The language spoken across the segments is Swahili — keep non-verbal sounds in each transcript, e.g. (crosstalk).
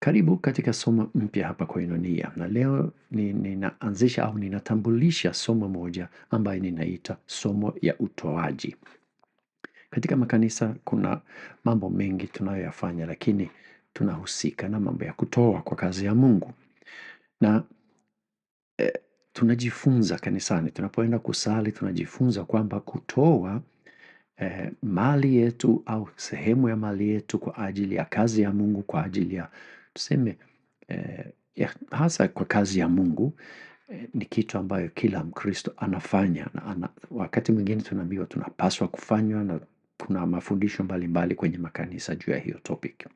Karibu katika somo mpya hapa Koinonia, na leo ninaanzisha ni au ninatambulisha somo moja ambayo ninaita somo ya utoaji. Katika makanisa kuna mambo mengi tunayoyafanya, lakini tunahusika na mambo ya kutoa kwa kazi ya Mungu na e, tunajifunza kanisani, tunapoenda kusali tunajifunza kwamba kutoa e, mali yetu au sehemu ya mali yetu kwa ajili ya kazi ya Mungu, kwa ajili ya tuseme eh, ya, hasa kwa kazi ya Mungu eh, ni kitu ambayo kila Mkristo anafanya na ana, wakati mwingine tunaambiwa tunapaswa kufanywa na kuna mafundisho mbalimbali mbali kwenye makanisa juu ya hiyo topic.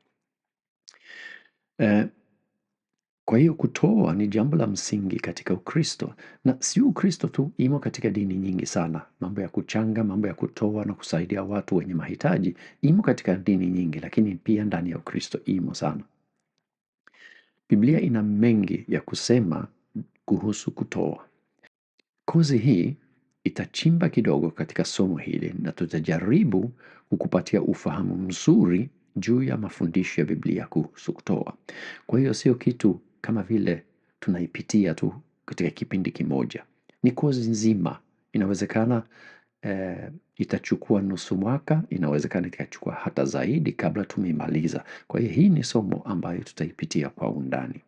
Eh, kwa hiyo kutoa ni jambo la msingi katika Ukristo, na si Ukristo tu, imo katika dini nyingi sana. Mambo ya kuchanga, mambo ya kutoa na kusaidia watu wenye mahitaji imo katika dini nyingi, lakini pia ndani ya Ukristo imo sana. Biblia ina mengi ya kusema kuhusu kutoa. Kozi hii itachimba kidogo katika somo hili na tutajaribu kukupatia ufahamu mzuri juu ya mafundisho ya Biblia kuhusu kutoa. Kwa hiyo sio kitu kama vile tunaipitia tu katika kipindi kimoja. Ni kozi nzima. Inawezekana eh, itachukua nusu mwaka, inawezekana ikachukua hata zaidi kabla tumeimaliza. Kwa hiyo hii ni somo ambayo tutaipitia kwa undani.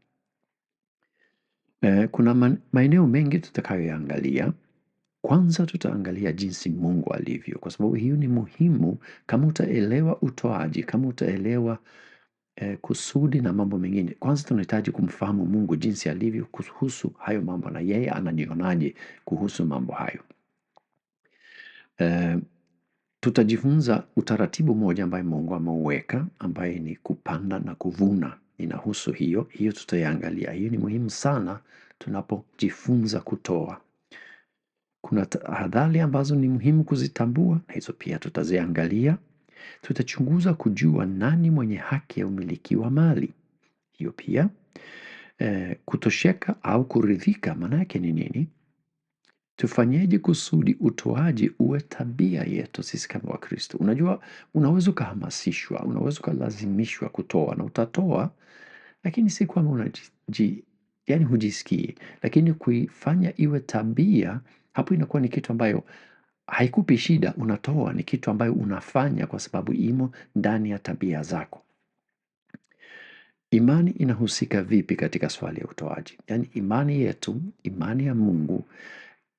eh, kuna maeneo mengi tutakayoyaangalia. Kwanza tutaangalia jinsi Mungu alivyo, kwa sababu hiyo ni muhimu. Kama utaelewa utoaji, kama utaelewa eh, kusudi na mambo mengine, kwanza tunahitaji kumfahamu Mungu jinsi alivyo kuhusu hayo mambo, na yeye anajionaje kuhusu mambo hayo. E, tutajifunza utaratibu mmoja ambaye Mungu ameuweka ambaye ni kupanda na kuvuna inahusu hiyo hiyo, tutaiangalia hiyo. Ni muhimu sana tunapojifunza kutoa. Kuna tahadhari ambazo ni muhimu kuzitambua, na hizo pia tutaziangalia. Tutachunguza kujua nani mwenye haki ya umiliki wa mali, hiyo pia. E, kutosheka au kuridhika maana yake ni nini? Tufanyeje kusudi utoaji uwe tabia yetu sisi kama Wakristo? Unajua, unaweza ukahamasishwa, unaweza ukalazimishwa kutoa na utatoa, lakini si kwamba unaji, yani hujisikii, lakini kuifanya iwe tabia, hapo inakuwa ni kitu ambayo haikupi shida, unatoa, ni kitu ambayo unafanya kwa sababu imo ndani ya tabia zako. Imani inahusika vipi katika swali ya utoaji? Yani imani yetu, imani ya Mungu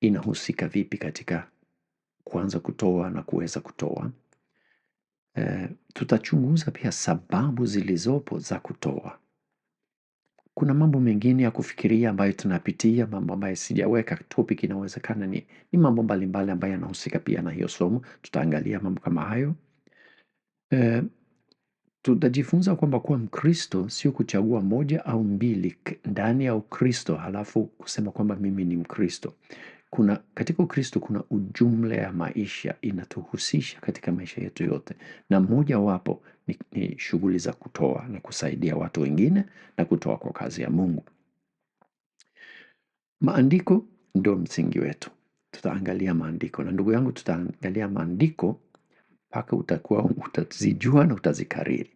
inahusika vipi katika kuanza kutoa na kuweza kutoa. E, tutachunguza pia sababu zilizopo za kutoa. Kuna mambo mengine ya kufikiria ambayo tunapitia, mambo ambayo sijaweka topic, inawezekana ni, ni mambo mbalimbali ambayo yanahusika pia na hiyo somo. Tutaangalia mambo kama hayo. E, tutajifunza kwamba kuwa Mkristo sio kuchagua moja au mbili ndani ya Ukristo halafu kusema kwamba mimi ni Mkristo kuna, katika Ukristo kuna ujumla ya maisha inatuhusisha katika maisha yetu yote, na mmoja wapo ni, ni shughuli za kutoa na kusaidia watu wengine na kutoa kwa kazi ya Mungu. Maandiko ndio msingi wetu. Tutaangalia maandiko na ndugu yangu, tutaangalia maandiko mpaka utakuwa utazijua na utazikariri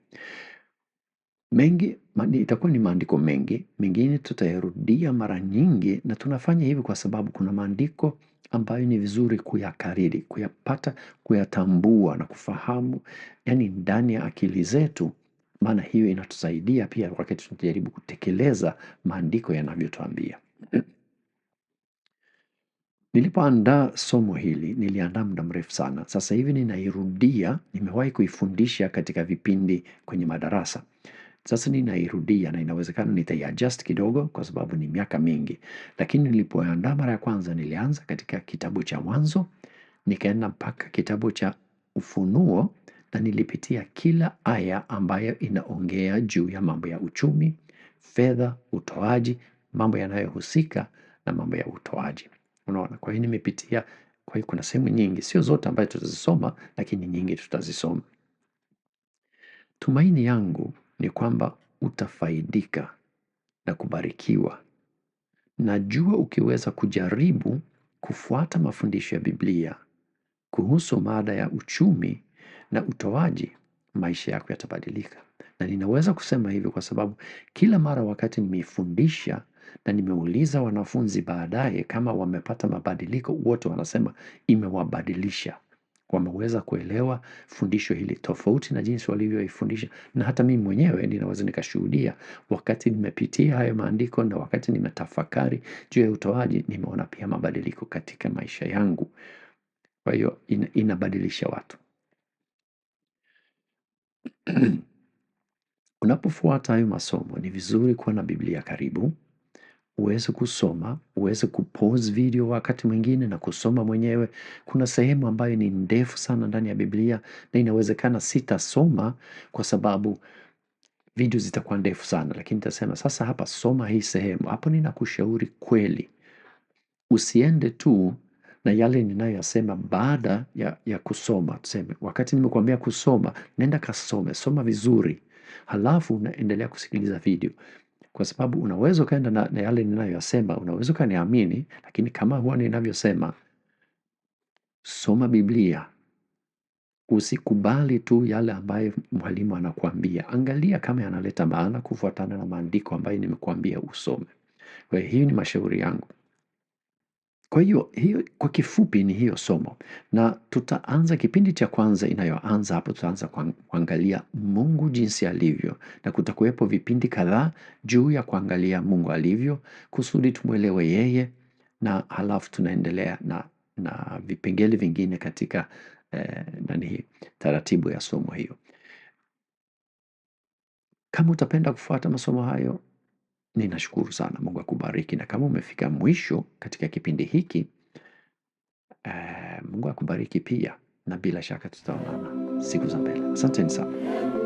mengi itakuwa ni maandiko mengi, mengine tutayarudia mara nyingi, na tunafanya hivi kwa sababu kuna maandiko ambayo ni vizuri kuyakariri, kuyapata, kuyatambua na kufahamu, yani ndani ya akili zetu, maana hiyo inatusaidia pia wakati tunajaribu kutekeleza maandiko yanavyotuambia. (clears throat) Nilipoandaa somo hili, niliandaa muda mrefu sana. Sasa hivi ninairudia, nimewahi kuifundisha katika vipindi kwenye madarasa. Sasa ninairudia na inawezekana nitaiadjust kidogo kwa sababu ni miaka mingi, lakini nilipoandaa mara ya kwanza nilianza katika kitabu cha Mwanzo, nikaenda mpaka kitabu cha Ufunuo na nilipitia kila aya ambayo inaongea juu ya mambo ya uchumi, fedha, utoaji, mambo yanayohusika na mambo ya utoaji. Unaona, kwa hiyo nimepitia, kwa hiyo kuna sehemu nyingi, sio zote ambayo tutazisoma, lakini nyingi tutazisoma. Tumaini yangu ni kwamba utafaidika na kubarikiwa. Najua ukiweza kujaribu kufuata mafundisho ya Biblia kuhusu mada ya uchumi na utoaji, maisha yako yatabadilika. Na ninaweza kusema hivyo kwa sababu kila mara wakati nimeifundisha na nimeuliza wanafunzi baadaye kama wamepata mabadiliko, wote wanasema imewabadilisha wameweza kuelewa fundisho hili tofauti na jinsi walivyoifundisha, na hata mimi mwenyewe ninaweza nikashuhudia wakati nimepitia hayo maandiko na wakati nimetafakari juu ya utoaji, nimeona pia mabadiliko katika maisha yangu. Kwa hiyo inabadilisha watu. (clears throat) Unapofuata hayo masomo ni vizuri kuwa na Biblia karibu uweze kusoma, uweze kupause video wakati mwingine na kusoma mwenyewe. Kuna sehemu ambayo ni ndefu sana ndani ya Biblia na inawezekana sitasoma kwa sababu video zitakuwa ndefu sana, lakini nitasema sasa hapa soma hii sehemu. Hapo ninakushauri kweli. Usiende tu na yale ninayoyasema baada ya, ya kusoma. Tuseme, wakati nimekuambia kusoma, nenda kasome, soma vizuri. Halafu unaendelea kusikiliza video. Kwa sababu unaweza ukaenda na, na yale ninayoyasema, unaweza ukaniamini, lakini kama huwa ninavyosema, soma Biblia. Usikubali tu yale ambayo mwalimu anakuambia. Angalia kama yanaleta maana kufuatana na maandiko ambayo nimekuambia usome. Kwa hiyo ni mashauri yangu. Kwa hiyo, hiyo kwa kifupi ni hiyo somo na tutaanza kipindi cha kwanza inayoanza hapo, tutaanza kuangalia Mungu jinsi alivyo, na kutakuwepo vipindi kadhaa juu ya kuangalia Mungu alivyo kusudi tumwelewe yeye, na halafu tunaendelea na, na vipengele vingine katika eh, nani hii taratibu ya somo hiyo. Kama utapenda kufuata masomo hayo, Ninashukuru sana mungu akubariki na kama umefika mwisho katika kipindi hiki, eh, mungu akubariki pia na bila shaka tutaonana siku za mbele. Asanteni sana.